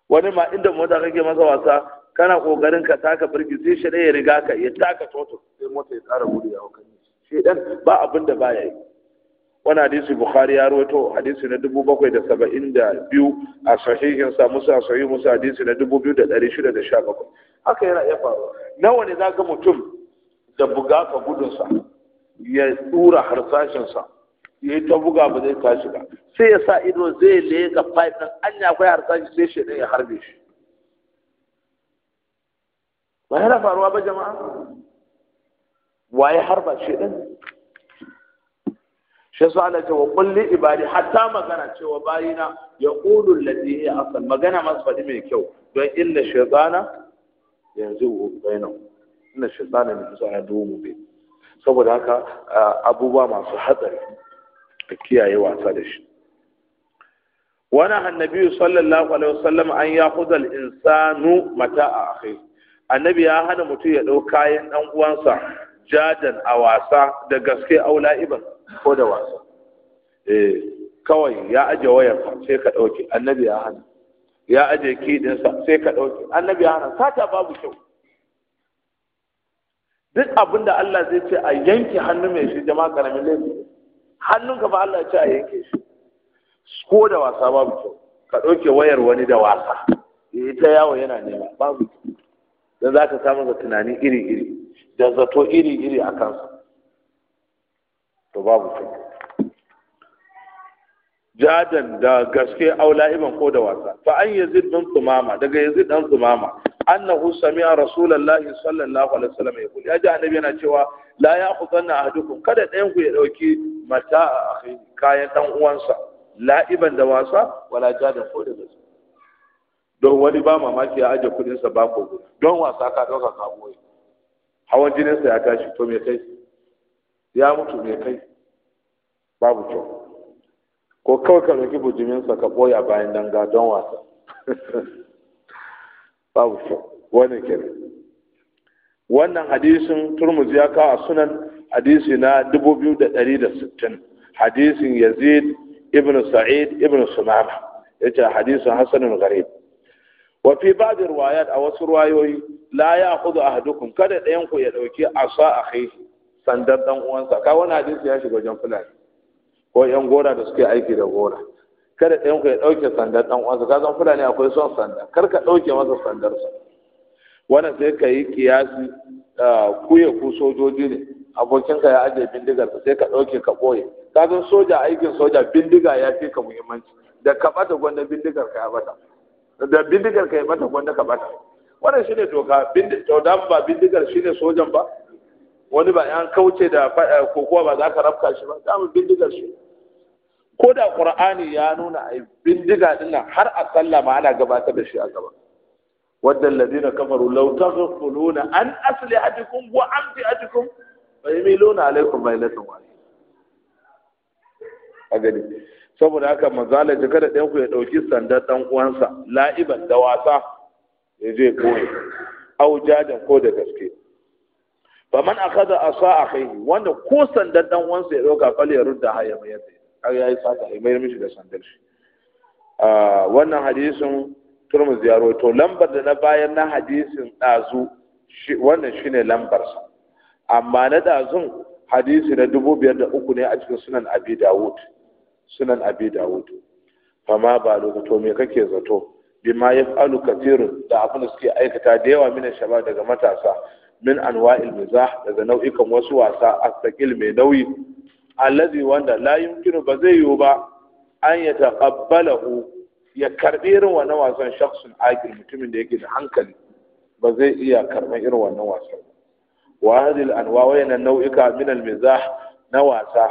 wani ma inda mota kake masa wasa kana kokarin ka taka birki sai shi ya riga ka ya taka toto sai mota ya tsara gudu ya hukun shi dan ba abin da baya yi wani hadisi bukhari ya rawaito hadisi na dubu bakwai da saba'in da biyu a sahihin sa musu a sahihin musu hadisi na dubu biyu da ɗari shida da sha bakwai haka yana iya faruwa nawa ne za ga mutum da buga ka gudunsa ya tura harsashinsa ya yi ta buga ba zai tashi ba sai ya sa ido zai leka pipe ɗin an ya harsa harsashi sai shi ya harbe shi ba yana faruwa ba jama'a waye harba shi ɗin shi yasa Allah cewa kulli ibadi hatta magana cewa bayina ya qulu allati ya asal magana masu faɗi mai kyau don inna shaytana yanzu bainahu inna shaytana min tsaya dumu bi saboda haka abubuwa masu hatsari ka kiyaye wasa da shi wani annabi sallallahu alaihi wasallam an ya kuzal insanu mata a akhi annabi ya hana mutum ya ɗau kayan ɗan uwansa jadan a wasa da gaske aula iban ko da wasa eh kawai ya aje wayar sai ka ɗauke annabi ya hana ya aje kidinsa sai ka ɗauke annabi ya hana sata babu kyau duk abinda Allah zai ce a yanke hannu mai shi jama'a karamin laifi ka ba Allah ce a yanke shi ko da wasa babu kyau ka ɗauke wayar wani da wasa ita eh, yawo yana nema babu kyau dan za ka samu da tunani iri-iri da zato iri-iri a kansa to babu kyau jadan da gaske aula'iban ko da wasa fa an yazid bin tumama daga yazid dan tumama annahu sami'a rasulullahi sallallahu alaihi wasallam yaqul ya ji annabi yana cewa la ya a ahadukum kada ɗayan ku ya dauki mata akhi kayan dan uwansa la'iban da wasa wala jada ko da gaske don wani ba mamaki ya aje kudin sa ba ko don wasa ka dauka ka boye hawan jinin sa ya tashi to me kai ya mutu me kai babu kyau ko kawai ka roki bujimin sa ka boya bayan danga don wasa babu kyau wani kenan wannan hadisin turmuz ya kawo a sunan hadisi na 2160 hadisin yazid ibn sa'id ibn sumama yace hadisin hasanun Gare. Wafi ba da riwayat a wasu ruwayoyi la ya a hadukun kada ɗayan ku ya sa a kai sandar ɗan uwansa ka wani hadisi ya shiga wajen fulani ko yan gora da suke aiki da gora kada ɗayan ku ya ɗauke sandar ɗan uwansa ka zan fulani akwai son sanda kar ka ɗauke masa sandarsa wannan sai ka yi kiyasi kuye ku sojoji ne abokinka ya ajiye bindigar sai ka ɗauke ka ɓoye kasan soja aikin soja bindiga ya fi ka muhimmanci da ka bata gwanda bindigar ka ya bata da bindigar ka ya bata gwanda ka bata wannan shine doka bindigar ba bindigar shine sojan ba wani ba yan kauce da kokowa ba za ka rafka shi ba samun bindigar shi ko da qur'ani ya nuna ai bindiga dinnan har a sallama ana gabatar da shi a gaba wadda alladhina kafaru law taghfuluna an aslihatikum wa amtiatikum fa yamiluna alaykum maylatan wa a gani saboda haka mazala ji kada ɗan ku ya ɗauki sandar ɗan uwansa la'iban da wasa ya je koyi au jajan ko da gaske fa man akhadha asa akhihi wanda ko sandar ɗan uwansa ya ɗauka fal ya rudda ha ya mayar har yayi sata yi mayar mishi da sandar shi ah, wannan hadisin turmus ziyaro to lambar da na bayan na hadisin ɗazu wannan shine lambar sa amma na dazun hadisi na dubu biyar da uku ne a cikin sunan abi dawud sunan abi dawud fama ba to me kake zato bima yaf'alu kathirun da abin da suke aikata da yawa mina shaba daga matasa min anwa'il mizah daga nau'ikan wasu wasa astaqil mai nauyi allazi wanda la yumkinu ba zai yiwu ba an yata qabbalahu ya karbi irin wannan wasan shakhsun aqil mutumin da yake da hankali ba zai iya karban irin wannan wasan wa hadhihi al-anwa' wa nau'ika min al-mizah na wasa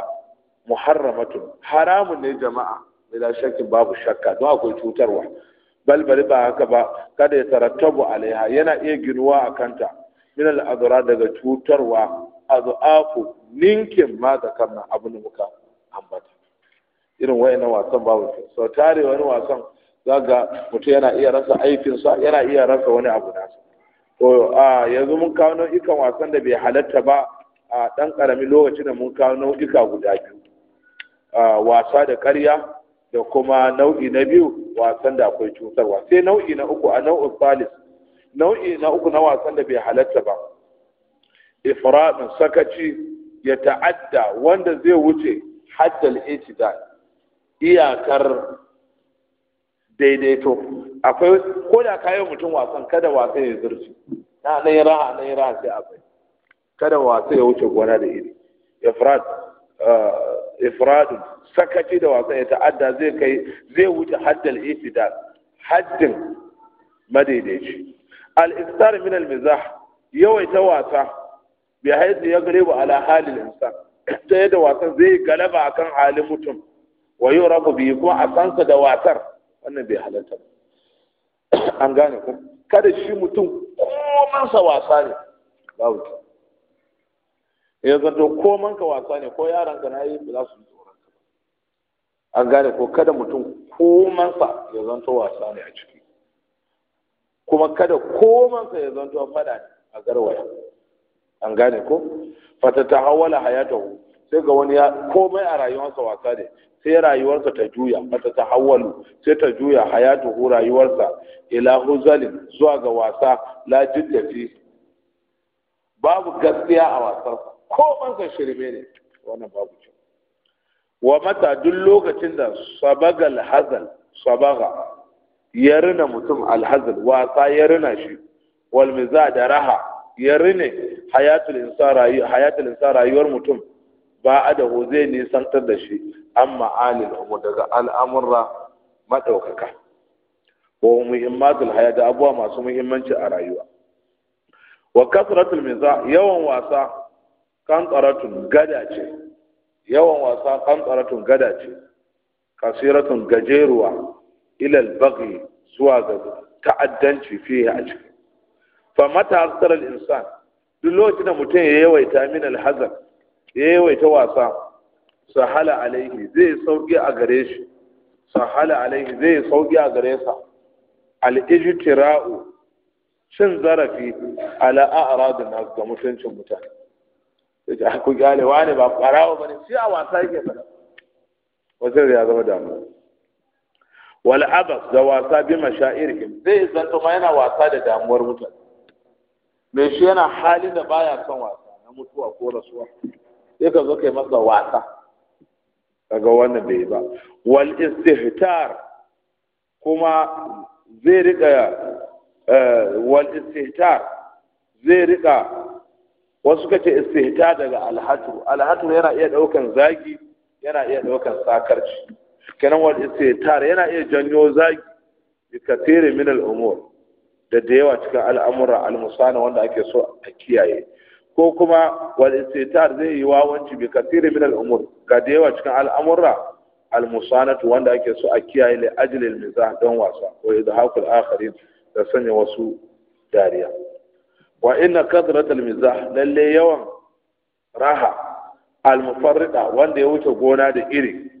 muharramatun haramun ne jama'a bila shakkin babu shakka don akwai cutarwa bal bari ba haka ba kada ya tarattabu alaiha yana iya ginuwa a kanta min al daga cutarwa azu'afu ninkin ma zakarna abin muka ambata irin wayannan wasan babu sau tare wani wasan zaga mutum yana iya rasa aikinsa yana iya rasa wani abu nasa to a yanzu mun kawo nau'ikan wasan da bai halatta ba a ɗan ƙaramin lokacin da mun kawo nau'ika guda biyu wasa da ƙarya da kuma nau'i na biyu wasan da akwai cutarwa sai nau'i na uku a nau'in salis nau'i na uku na wasan da bai halatta ba ifradin sakaci ya ta'adda wanda zai wuce haddal itidal iyakar daidaito akwai ko da kayan mutum wasan kada wasa ya zurfi na nan raha nan raha sai abai kada wasa ya wuce gona da iri ifrad eh, ifrad sakaci da wasan ya ta'adda zai kai zai wuce haddal itidal haddin madaidaici al iftar min al mizah yawaita wasa bi haythu yaghlibu ala hali al insan ta yadda wasan zai galaba akan halin mutum wa yurabu bi kuma a sansa da wasar wannan bai halatta an gane ku kada shi mutum sa wasa ne babu ta ya zato zanto ka wasa ne ko yaran ka na yi ba za su yi tsoron ka an gane ko kada mutum sa ya zanto wasa ne a ciki kuma kada sa ya zanto fada a garwaya an gane ko fata ta hawala hayatahu sai ga wani ya komai a rayuwarsa wasa ne sai rayuwarsa ta juya mata ta hawalu sai ta juya hayatuhu rayuwarsa ila huzalin zuwa ga wasa la jiddati babu gaskiya a wasan ko mansa shirme ne wannan babu ce wa mata duk lokacin da sabagal hazal sabaga ya rina mutum alhazal wasa ya rina shi wal miza da raha ya rine hayatul insa rayuwar mutum ba a adahu zai nisantar da shi an ma'anin umur daga al'amurra maɗaukaka, wa muhimmatul haya da abuwa masu muhimmanci a rayuwa wa kasratul miza yawan wasa kantaratun gada ce yawan wasa kantaratun gada ce kasiratun gajeruwa ilal baghi zuwa ga ta'addanci fiye a ciki fa mata aksarar insan duk lokacin da mutum ya yawaita min alhazar ta wasa sahala alaihi zai sauki a gare shi sahala alaihi zai sauki a gare sa al-ijtira'u cin zarafi ala a'radin nas ga mutuncin mutane sai ah, ku gane wani ba farawa bane sai a wasa yake fara wace ya zama damuwa wal abas da wasa bi mashairihim zai zanto ma yana wasa da damuwar mutane Me shi yana halin da baya son wasa na mutuwa ko rasuwa sai ka zo kai masa wasa daga wannan bai ba wal istihtar kuma zai rika eh, wal istihtar zai rika wasu kace istihta daga alhatu alhatu yana iya daukan zagi yana iya daukan sakarci kenan wal istihtar yana iya janyo zagi bi katiri min al umur da da yawa cikin al'amura al-musana wanda ake so a kiyaye ko kuma wal istitar zai yi wawanci bi kasiri min al umur ga da yawa cikin al'amurra al musanatu wanda ake so a kiyaye li ajli al mizah don wasa ko da al akharin da sanya wasu dariya wa inna kadrat al mizah lalle yawan raha al mufarrida wanda ya wuce gona da iri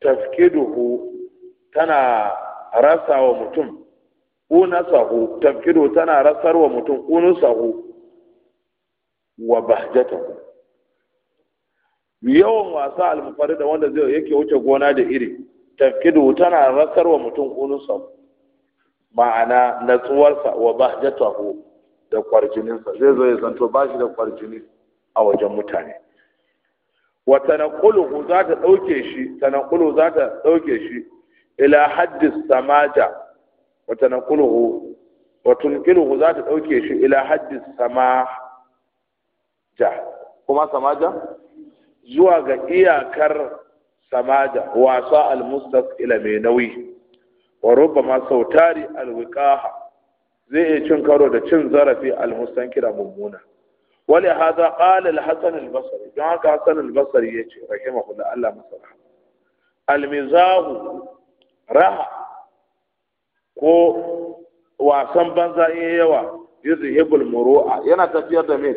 tafkiduhu tana rasawa mutum unasahu tafkidu tana rasarwa mutum unasahu wa bahjatahu yawan wasa al da wanda zai yake wuce gona da iri tafkidu tana rasar wa mutum sa ma'ana natsuwarsa wa bahjatahu da kwarjininsa zai zo ya zanto bashi da kwarjini a wajen mutane wa tanqulu za ta dauke shi tanqulu za ta dauke shi ila haddis samaja wa tanqulu wa tunqulu za ta dauke shi ila haddis samaa ja kuma samaja zuwa ga iyakar samaja wasa almustaq ila mai nauyi wa rubbama sautari alwiqaha zai iya cin karo da cin zarafi almustankira mummuna wali hada qala alhasan albasri don haka hasan albasri yace rahimahullah Allah masa almizahu raha ko wasan banza yawa yuzhibul muru'a yana tafiyar da mai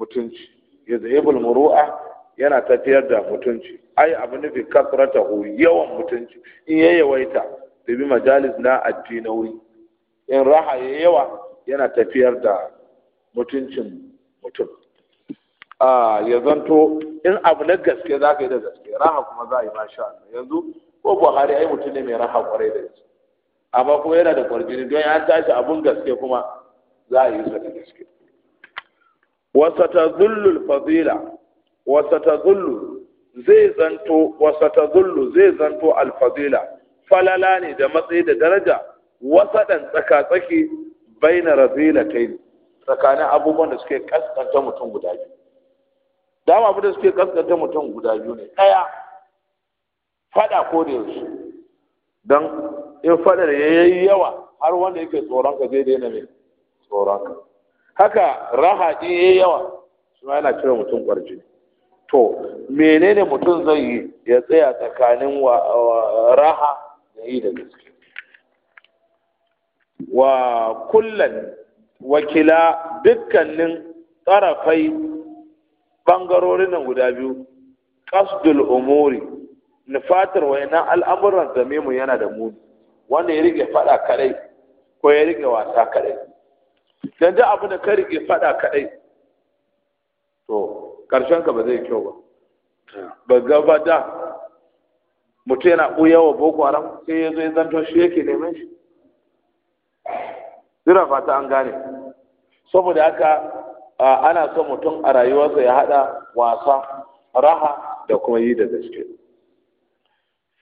mutunci ya zahibul muru'a yana tafiyar da mutunci ai abu ne fi kasrata hu yawan mutunci in ya yawaita da bi majalis na addinawi in raha ya yawa yana tafiyar da mutuncin mutum ya zanto in abu na gaske za ka yi da gaske raha kuma za a yi masha Allah yanzu ko Buhari ai mutum ne mai raha kwarai da gaske amma kuma yana da kwarjini don ya tashi abun gaske kuma za a yi sa da gaske wasatazullu alfadila wasatazullu zai zanto wasatazullu zai zanto alfadila falala ne da matsayi da daraja Wasaɗan tsaka-tsaki bai na ta yi. tsakanin abubuwan da suke kaskanta mutum guda biyu dama abu da suke kaskanta mutum guda biyu ne ɗaya Faɗa ko da yaushe don in fada da yayi yawa har wanda yake tsoron ka zai daina mai tsoron ka haka raha in yayi yawa shi yana cire mutum kwarjini to menene mutum zai yi ya tsaya tsakanin raha da yi da gaske wa kullan wakila dukkanin tsarafai ɓangarorin nan guda biyu ƙasdul umuri nufatar wayannan al'amuran zame yana da muni wanda ya rike faɗa kadai ko ya rike wasa kadai dan da abu da ka rike fada kadai to karshen ka ba zai kyau ba ba gaba da mutum yana ɓuya wa boko haram sai ya zo ya zanto shi yake neman shi zira fata an gane saboda haka ana son mutum a rayuwarsa ya haɗa wasa raha da kuma yi da gaske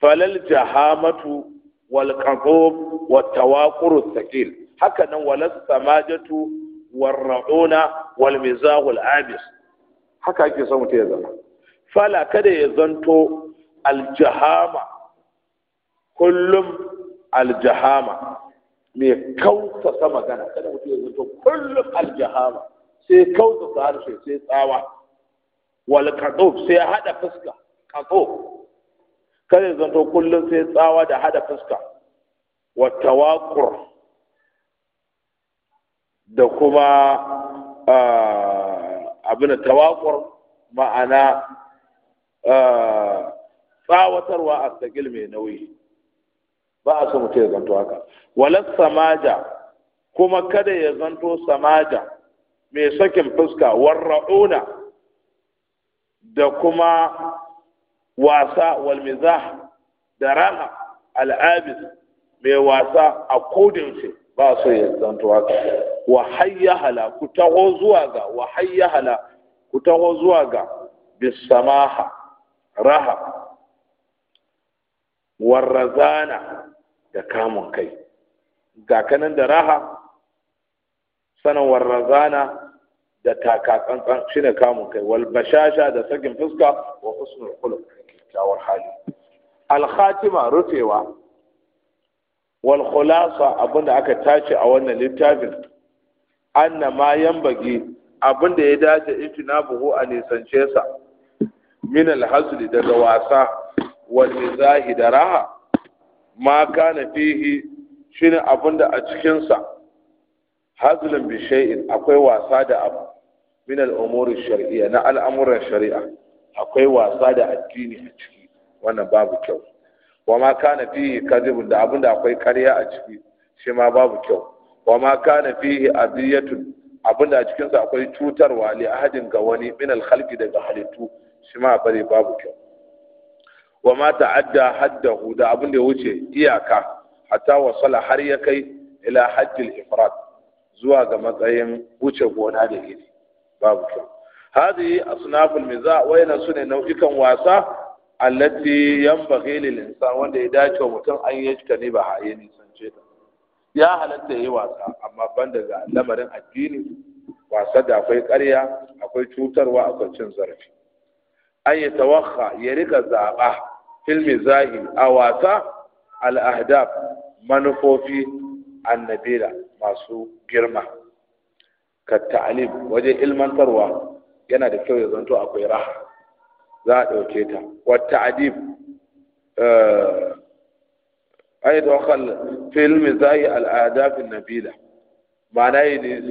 falal jahamatu wal qaqub wat tawaqur thaqil haka nan walas samajatu warrauna wal mizahul abis haka ake son mutum ya zama fala kada ya zanto aljahama kullum aljahama mai sa magana kada mutum ya zanto kullum aljahama sai kauta sa harshe sai tsawa wal katsof sai hada fuska katsof kada ya zanto kullum sai tsawa da hada fuska wa tawakur da kuma abin tawakur ma'ana tsawatarwa a sakil mai nauyi ba a so ce zanto haka walas samaja kuma kada ya zanto samaja mai sakin fuska warra'una da kuma wasa walmiza da rana, al'abis mai wasa a kodin ba so ya zanto haka wa hala ku taho zuwa ga wa hala ku taho zuwa ga bisamaha raha warrazana da kamun kai ga kanan da raha sanan warrazana da taka tsantsan shine kamun kai wal bashasha da sakin fuska wa husnul khuluq kyawar hali al khatima rufewa wal khulasa abinda aka tace a wannan littafin anna ma yambagi abin da ya dace ifina buhu a nisance sa min alhazli daga wasa wal mizahi da raha ma kana fihi shine abin da a cikin sa hazlan bi shay'in akwai wasa da abu min al'umuri shar'iyya na al'amuran shari'a akwai wasa da addini a ciki wannan babu kyau wa ma kana fihi kadhibun da abin da akwai karya a ciki shi ma babu kyau wa ma kana fihi adiyatun abinda a cikin sa akwai cutarwa li ahadin ga wani min al khalqi daga halittu shi ma bare babu kyau wa ma ta'adda haddahu da abinda ya wuce iyaka hatta wasala har ya kai ila hajjil ifrad zuwa ga matsayin wuce gona da iri babu kyau hadhihi asnaful miza ina sune nau'ikan wasa allati yanbaghi lil insan wanda ya dace mutum an ne ba hayini sance ta ya halatta yayi wasa amma ban daga lamarin addini wasa da akwai ƙarya akwai cutarwa akwai cin zarafi an yi tawakha ya rika zaɓa filmi zahi a wasa al'ahdaf manufofi annabila masu girma ka ta'alim wajen ilmantarwa yana da kyau ya zanto akwai raha za a ɗauke ta wata adib eh, أيضا خل فيلم زي الأهداف النبيلة ne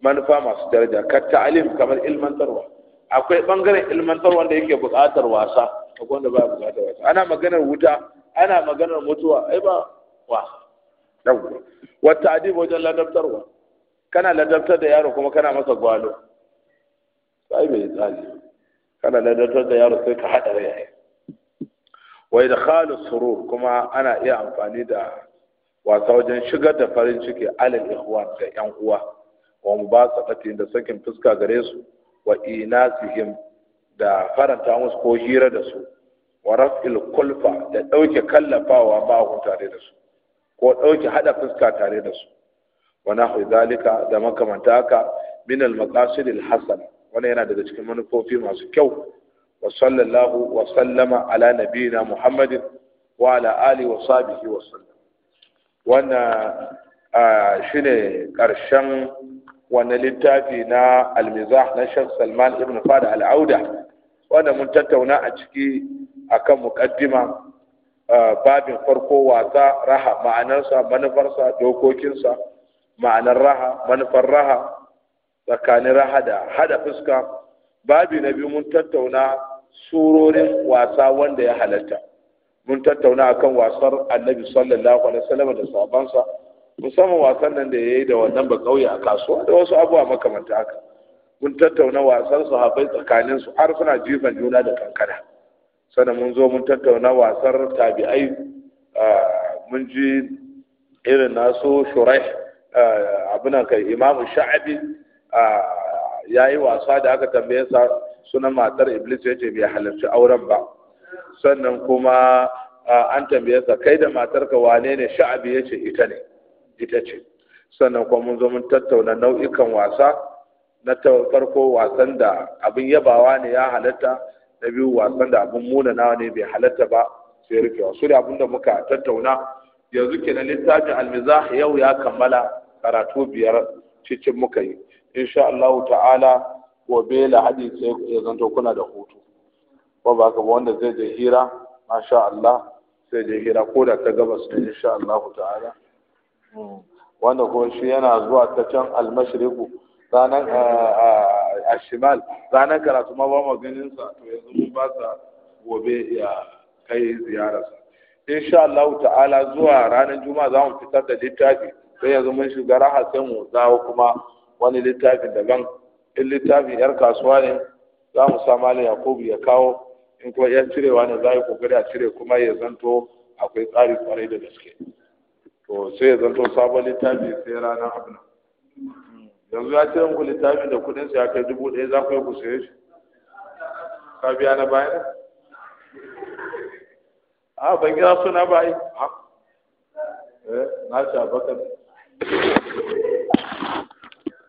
manufa masu daraja ka ta'alim kamar ilmantarwa akwai bangaren ilmantarwa da yake buƙatar wasa akwai wanda ba buƙatar wasa ana maganar wuta ana maganar mutuwa ai ba wasa yawwa wata adib wajen ladabtarwa kana ladabtar da yaro kuma kana masa gwalo sai bai tsali kana ladabtar da yaro sai ka hada rai wa idkhalu surur kuma ana iya amfani da wasa wajen shigar da farin ciki alal ikhwan ga yan uwa wa mubasaqati da sakin fuska gare su wa inasihim da faranta musu ko hira da su wa raf'il kulfa da dauke kallafawa ba ku tare da su ko dauke hada fuska tare da su wa nahu zalika da makamanta haka min al maqasid al hasana wannan yana daga cikin manufofi masu kyau وصلى الله وسلم على نبينا محمد وعلى آله وصحبه وسلم وانا shine karshen littafi na almizah na Sheikh Salman ibn Fada al-Auda wanda mun tattauna a ciki akan muqaddima babin farko wasa raha ma'anarsa manufarsa dokokinsa ma'anar raha manufar raha tsakanin raha da haɗa fuska babi na biyu mun tattauna surorin wasa wanda ya halatta mun tattauna akan wasar annabi sallallahu alaihi wasallam da sahabansa musamman wasan nan da yayi da wannan ba kauye a kasuwa da wasu abubuwa makamanta haka mun tattauna wasan sahabbai tsakanin su har suna jifan juna da kankana sannan mun zo mun tattauna wasar tabi'ai mun ji irin nasu shurai abinan kai imamu sha'abi ya yi wasa da aka tambaye sa sunan matar iblis ya ce bai halarci auren ba sannan kuma an tambaye sa kai da matarka wane ne sha'abi ya ce ita ne ita ce sannan kuma mun zo mun tattauna nau'ikan wasa na farko wasan da abin yabawa ne ya halatta na biyu wasan da abin munanawa ne bai halatta ba sai rike su da abin da muka tattauna yanzu kenan littafin almizah yau ya kammala karatu biyar cikin muka yi insha Allah ta'ala gobe lahadi sai ya zanto kuna da hutu ko ba ka wanda zai je hira masha Allah sai je hira ko da ta gabas ne insha Allah ta'ala wanda ko shi yana zuwa ta can al almashriku ranar eh, eh, a shimal ranar karatu ma ba maganin sa to yanzu mun ba sa gobe ya kai ziyara. insha Allah ta'ala zuwa ranar juma'a za mu fitar da littafi sai yanzu mun shiga raha sai mu dawo kuma wani littafi daban in littafi yar kasuwa ne za mu sa malam yakubu ya kawo in kuma yan cirewa ne za yi kokari a cire kuma ya zanto akwai tsari kwarai da gaske to sai ya zanto sabon littafi sai ranar abin yanzu ya ce muku littafi da kudin sa ya kai dubu ɗaya za ku yi ku saye shi ka biya na bayan a ah, ban gina suna bayi ah. eh, na shi abakar